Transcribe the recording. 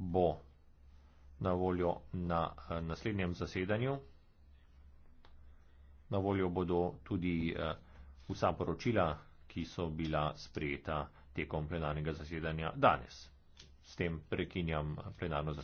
bo na voljo na eh, naslednjem zasedanju. Na voljo bodo tudi eh, vsa poročila, ki so bila sprejeta tekom plenarnega zasedanja danes. S tem prekinjam plenarno zasedanje.